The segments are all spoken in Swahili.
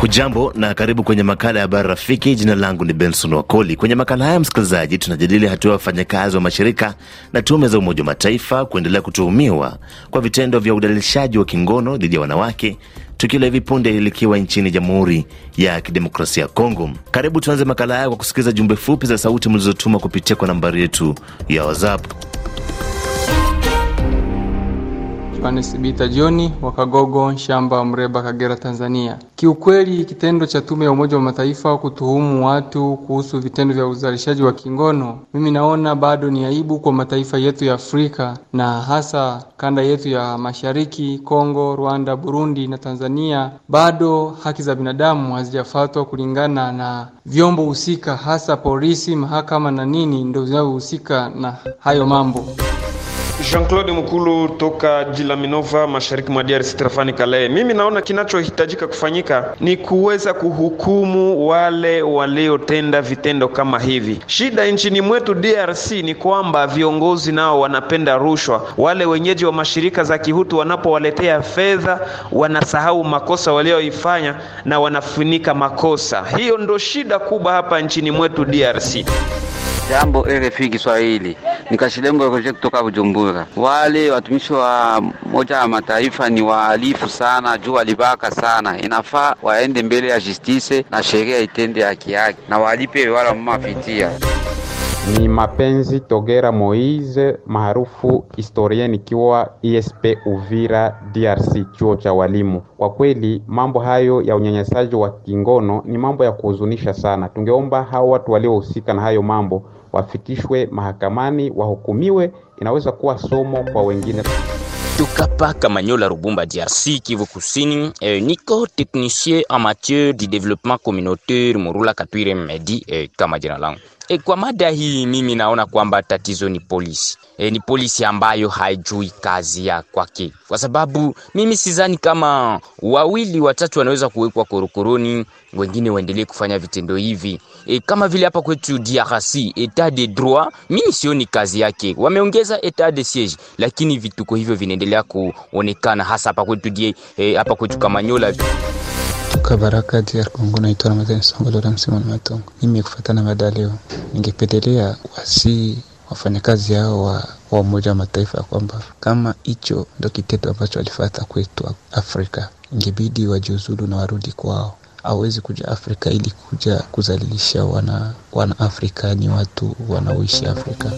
Hujambo na karibu kwenye makala ya habari rafiki. Jina langu ni Benson Wakoli. Kwenye makala haya, msikilizaji, tunajadili hatua ya wafanyakazi wa mashirika na tume za Umoja wa Mataifa kuendelea kutuhumiwa kwa vitendo vya udalilishaji wa kingono dhidi ya wanawake, tukio la hivi punde likiwa nchini Jamhuri ya Kidemokrasia ya Kongo. Karibu tuanze makala haya kwa kusikiliza jumbe fupi za sauti mlizotuma kupitia kwa nambari yetu ya WhatsApp. Johannes Sibita John wa Kagogo Shamba, Mreba, Kagera, Tanzania. Kiukweli kitendo cha Tume ya Umoja wa Mataifa kutuhumu watu kuhusu vitendo vya uzalishaji wa kingono, mimi naona bado ni aibu kwa mataifa yetu ya Afrika na hasa kanda yetu ya Mashariki, Kongo, Rwanda, Burundi na Tanzania. Bado haki za binadamu hazijafuatwa kulingana na vyombo husika, hasa polisi, mahakama na nini ndio vinavyohusika na hayo mambo. Jean-Claude Mkulu toka Jilaminova, mashariki mwa DRC, tarafani Kale. Mimi naona kinachohitajika kufanyika ni kuweza kuhukumu wale waliotenda vitendo kama hivi. Shida nchini mwetu DRC ni kwamba viongozi nao wanapenda rushwa. Wale wenyeji wa mashirika za kihutu wanapowaletea fedha, wanasahau makosa walioifanya na wanafunika makosa. Hiyo ndo shida kubwa hapa nchini mwetu DRC. Jambo RFI Kiswahili. Nikashilembo Roje kutoka Bujumbura. Wale watumishi wa moja ya mataifa ni waalifu sana, juu walibaka sana. Inafaa waende mbele ya justice na sheria itende haki yake na walipe wala mmafitia. Ni mapenzi Togera Moise maarufu historien nikiwa ISP Uvira DRC, chuo cha walimu. Kwa kweli mambo hayo ya unyanyasaji wa kingono ni mambo ya kuhuzunisha sana. Tungeomba hao watu waliohusika na hayo mambo wafikishwe mahakamani wahukumiwe, inaweza kuwa somo kwa wengine. Tukapa Kamanyola, Rubumba, DRC, Kivu Kusini. Eh, niko technicien amateur du développement communautaire Morula Katwire Medi eh, kama jina langu. E, kwa mada hii mimi naona kwamba tatizo ni polisi e, ni polisi ambayo haijui kazi ya kwake, kwa sababu mimi sidhani kama wawili watatu wanaweza kuwekwa korokoroni wengine waendelee kufanya vitendo hivi e, kama vile hapa kwetu DRC etat de droit, mimi sioni kazi yake. Wameongeza etat de siege, lakini vituko hivyo vinaendelea kuonekana hasa hapa kwetu die, e, hapa kwetu Kamanyola. Kutoka Baraka DR Congo, naitwa Ramadhani Songo Lora, na Matongo. Mimi kufatana mada leo, ningependelea wasi wafanyakazi hao wa wa Umoja wa Mataifa ya kwamba kama hicho ndo kitendo ambacho alifata kwetu Afrika, ingebidi wajiuzulu na warudi kwao. Hawezi kuja Afrika ili kuja kuzalilisha wana, wana Afrika, ni watu wanaoishi Afrika.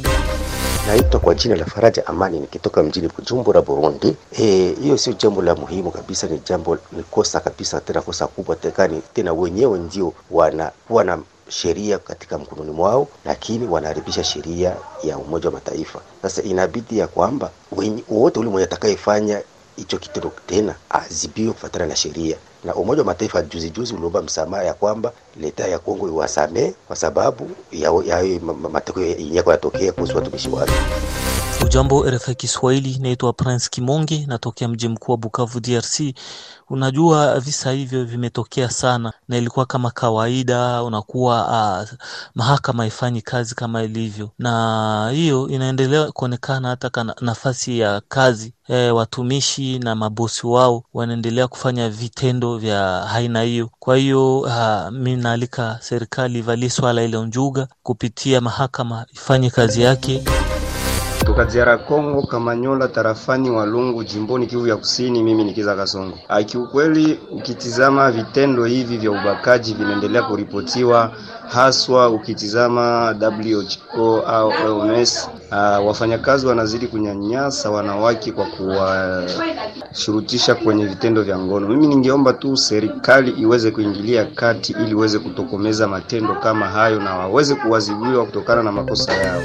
Naitwa kwa jina la Faraja Amani nikitoka mjini Bujumbura, Burundi. E, hiyo e, sio jambo la muhimu kabisa, ni jambo ni kosa kabisa, tena kosa kubwa tekani, tena wenyewe ndio wanakuwa na sheria katika mkononi mwao, lakini wanaharibisha sheria ya Umoja wa Mataifa. Sasa inabidi ya kwamba wote ule mwenye atakayefanya hicho kitendo tena azibiwe kufuatana na sheria na Umoja wa Mataifa juzi juzi uliomba msamaha ya kwamba leta ya Kongo iwasamee kwa sababu ya hayo matokeo yenyewe yanatokea kuhusu watumishi wake. Ujambo RFI Kiswahili, naitwa Prince Kimonge, natokea mji mkuu wa Bukavu, DRC. Unajua visa hivyo vimetokea sana, na ilikuwa kama kawaida, unakuwa uh, mahakama haifanyi kazi kama ilivyo, na hiyo inaendelea kuonekana hata nafasi ya kazi e, watumishi na mabosi wao wanaendelea kufanya vitendo vya haina hiyo. Kwa hiyo uh, mi naalika serikali ivalie swala ile njuga kupitia mahakama ifanye kazi yake kutoka DR Congo, Kamanyola, tarafani Walungu, jimboni Kivu ya Kusini. Mimi ni Kiza Kasongo. Kiukweli ukitizama vitendo hivi vya ubakaji vinaendelea kuripotiwa haswa ukitizama WHO au OMS. Uh, wafanyakazi wanazidi kunyanyasa wanawake kwa kuwashurutisha kwenye vitendo vya ngono. Mimi ningeomba tu serikali iweze kuingilia kati ili iweze kutokomeza matendo kama hayo na waweze kuwazibiwa kutokana na makosa yao.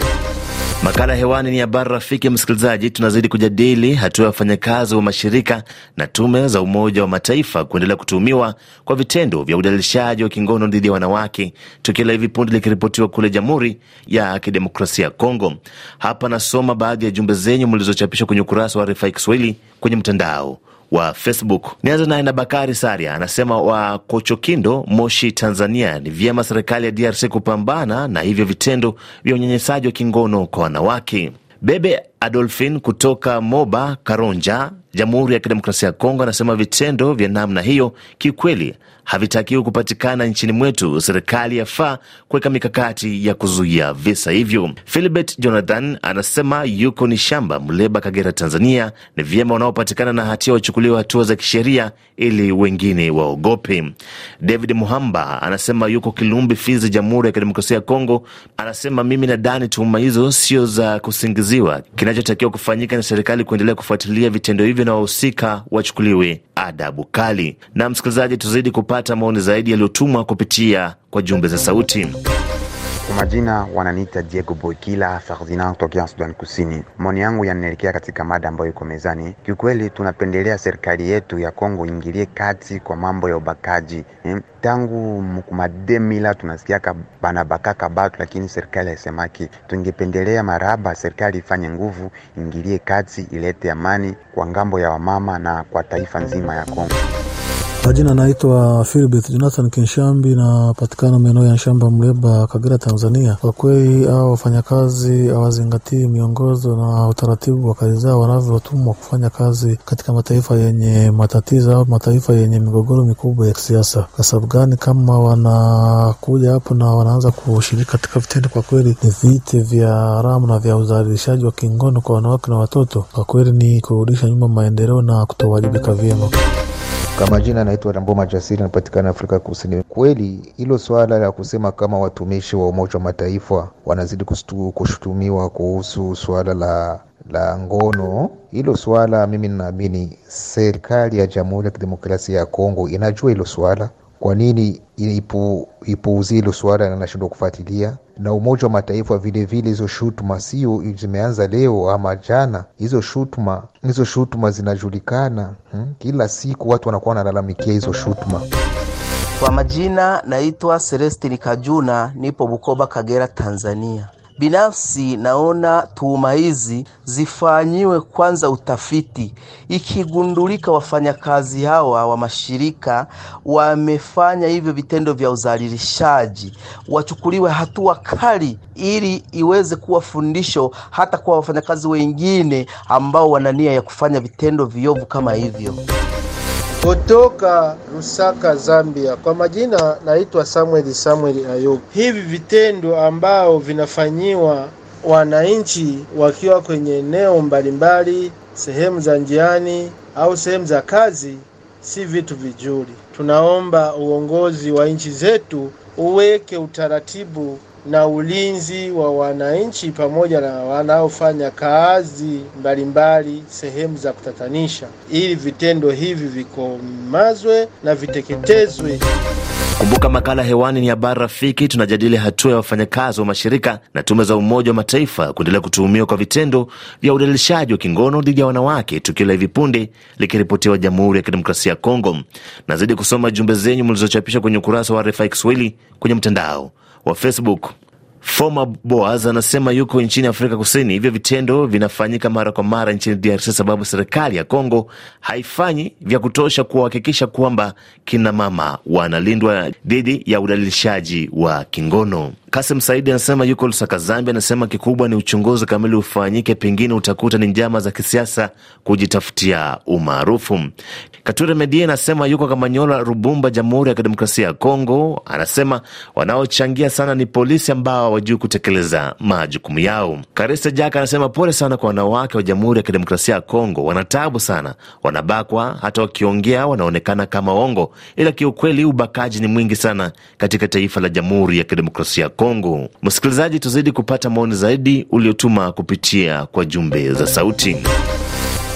Makala hewani ni habari rafiki. Msikilizaji, tunazidi kujadili hatua ya wafanyakazi wa mashirika na tume za Umoja wa Mataifa kuendelea kutuhumiwa kwa vitendo vya udalilishaji wa kingono dhidi ya wanawake. Tukio la hivi punde likiripotiwa kule Jamhuri ya Kidemokrasia ya Kongo. Hapa nasoma baadhi ya jumbe zenyu mlizochapishwa kwenye ukurasa wa RFI Kiswahili kwenye mtandao wa Facebook. Nianza naye na Bakari Saria, anasema wa Kochokindo, Moshi, Tanzania, ni vyema serikali ya DRC kupambana na hivyo vitendo vya unyanyasaji wa kingono kwa wanawake. Bebe Adolfin kutoka Moba Karonja, Jamhuri ya Kidemokrasia ya Kongo, anasema vitendo vya namna hiyo kiukweli havitakiwi kupatikana nchini mwetu. Serikali yafaa kuweka mikakati ya kuzuia visa hivyo. Philibert Jonathan anasema yuko ni shamba Mleba, Kagera, Tanzania. Ni vyema wanaopatikana na hatia wachukuliwa hatua za kisheria ili wengine waogope. David Muhamba anasema yuko Kilumbi, Fizi, Jamhuri ya Kidemokrasia ya Kongo. Anasema mimi nadhani tuhuma hizo sio za kusingiziwa. Kinachotakiwa kufanyika na serikali kuendelea kufuatilia vitendo hivyo na wahusika wachukuliwe adabu kali. Na msikilizaji, tuzidi kupata maoni zaidi yaliyotumwa kupitia kwa jumbe za sauti. Kwa majina wananiita Diego Boikila Ferdinand kutokea Sudan Kusini. Maoni yangu yanaelekea katika mada ambayo iko mezani. Kiukweli tunapendelea serikali yetu ya Kongo ingilie kati kwa mambo ya ubakaji. Tangu mkumademila tunasikia banabakaka batu, lakini serikali haisemaki. Tungependelea maraba serikali ifanye nguvu, ingilie kati, ilete amani kwa ngambo ya wamama na kwa taifa nzima ya Kongo. Majina naitwa Philbert Jonathan Kinshambi, napatikana maeneo ya Nshamba, Mleba, Kagera, Tanzania. Kwa kweli hao wafanyakazi hawazingatii miongozo na utaratibu wa kazi zao wanavyotumwa kufanya kazi katika mataifa yenye matatizo au mataifa yenye migogoro mikubwa ya kisiasa. Kwa sababu gani? Kama wanakuja hapo na wanaanza kushiriki katika vitendo, kwa kweli ni vite vya haramu na vya udhalilishaji wa kingono kwa wanawake na watoto, kwa kweli ni kurudisha nyuma maendeleo na kutowajibika vyema. Kwa majina anaitwa Ramboma Jasiri, anapatikana Afrika Kusini. Kweli hilo swala la kusema kama watumishi wa Umoja wa Mataifa wanazidi kushutumiwa kuhusu swala la la ngono, hilo swala mimi ninaamini serikali ya Jamhuri ya Kidemokrasia ya Kongo inajua hilo swala kwa nini ipuuzile suala na nashindwa kufuatilia na Umoja wa Mataifa vilevile, hizo shutuma sio zimeanza leo ama jana. Hizo shutuma hizo shutuma zinajulikana hmm? Kila siku watu wanakuwa wanalalamikia hizo shutuma. Kwa majina naitwa selestini Kajuna, nipo Bukoba, Kagera, Tanzania. Binafsi naona tuhuma hizi zifanyiwe kwanza utafiti. Ikigundulika wafanyakazi hawa wa mashirika wamefanya hivyo vitendo vya udhalilishaji, wachukuliwe hatua kali, ili iweze kuwa fundisho hata kwa wafanyakazi wengine ambao wana nia ya kufanya vitendo viovu kama hivyo kutoka Lusaka, Zambia. Kwa majina naitwa Samuel Samuel Ayubu. Hivi vitendo ambao vinafanyiwa wananchi wakiwa kwenye eneo mbalimbali, sehemu za njiani au sehemu za kazi, si vitu vizuri. Tunaomba uongozi wa nchi zetu uweke utaratibu na ulinzi wa wananchi pamoja na wanaofanya kazi mbalimbali sehemu za kutatanisha, ili vitendo hivi vikomazwe na viteketezwe. Kumbuka makala hewani ni habari rafiki. Tunajadili hatua ya wafanyakazi wa mashirika na tume za Umoja wa Mataifa kuendelea kutuhumiwa kwa vitendo vya udhalilishaji wa kingono dhidi ya wanawake, tukio la hivi punde likiripotiwa Jamhuri ya Kidemokrasia ya Kongo. Nazidi kusoma jumbe zenyu mlizochapisha kwenye ukurasa wa RFI Kiswahili kwenye mtandao wa Facebook. Foma Boas anasema yuko nchini Afrika Kusini, hivyo vitendo vinafanyika mara kwa mara nchini DRC sababu serikali ya Kongo haifanyi vya kutosha kuhakikisha kwamba kina mama wanalindwa dhidi ya udalilishaji wa kingono. Kasim Saidi anasema yuko Lusaka, Zambia. Anasema kikubwa ni uchunguzi kamili ufanyike, pengine utakuta ni njama za kisiasa kujitafutia umaarufu. Kature Medie anasema yuko Kamanyola, Rubumba, Jamhuri ya Kidemokrasia ya Kongo. Anasema wanaochangia sana ni polisi ambao hawajui kutekeleza majukumu yao. Karisa Jaka anasema pole sana kwa wanawake wa Jamhuri ya Kidemokrasia ya Kongo, wanataabu sana, wanabakwa, hata wakiongea wanaonekana kama ongo, ila kiukweli ubakaji ni mwingi sana katika taifa la Jamhuri ya Kidemokrasia ya Kongo. Kongo. Msikilizaji, tuzidi kupata maoni zaidi uliotuma kupitia kwa jumbe za sauti.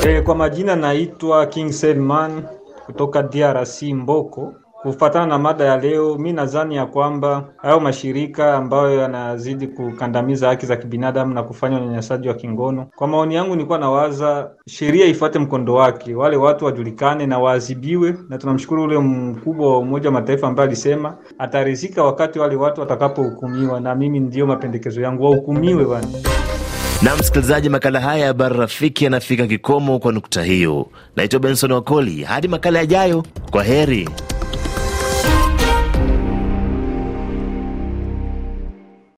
Eh, kwa majina naitwa King Selman kutoka DRC Mboko. Kufuatana na mada ya leo, mi nadhani ya kwamba hayo mashirika ambayo yanazidi kukandamiza haki za kibinadamu na kufanya unyanyasaji wa kingono, kwa maoni yangu, nilikuwa nawaza sheria ifuate mkondo wake, wale watu wajulikane na waadhibiwe. Na tunamshukuru ule mkubwa wa Umoja wa Mataifa ambaye alisema atarizika wakati wale watu watakapohukumiwa, na mimi ndiyo mapendekezo yangu, wahukumiwe bana. Na msikilizaji, makala haya ya Bara Rafiki yanafika kikomo kwa nukta hiyo. Naitwa Benson Wakoli, hadi makala yajayo, kwa heri.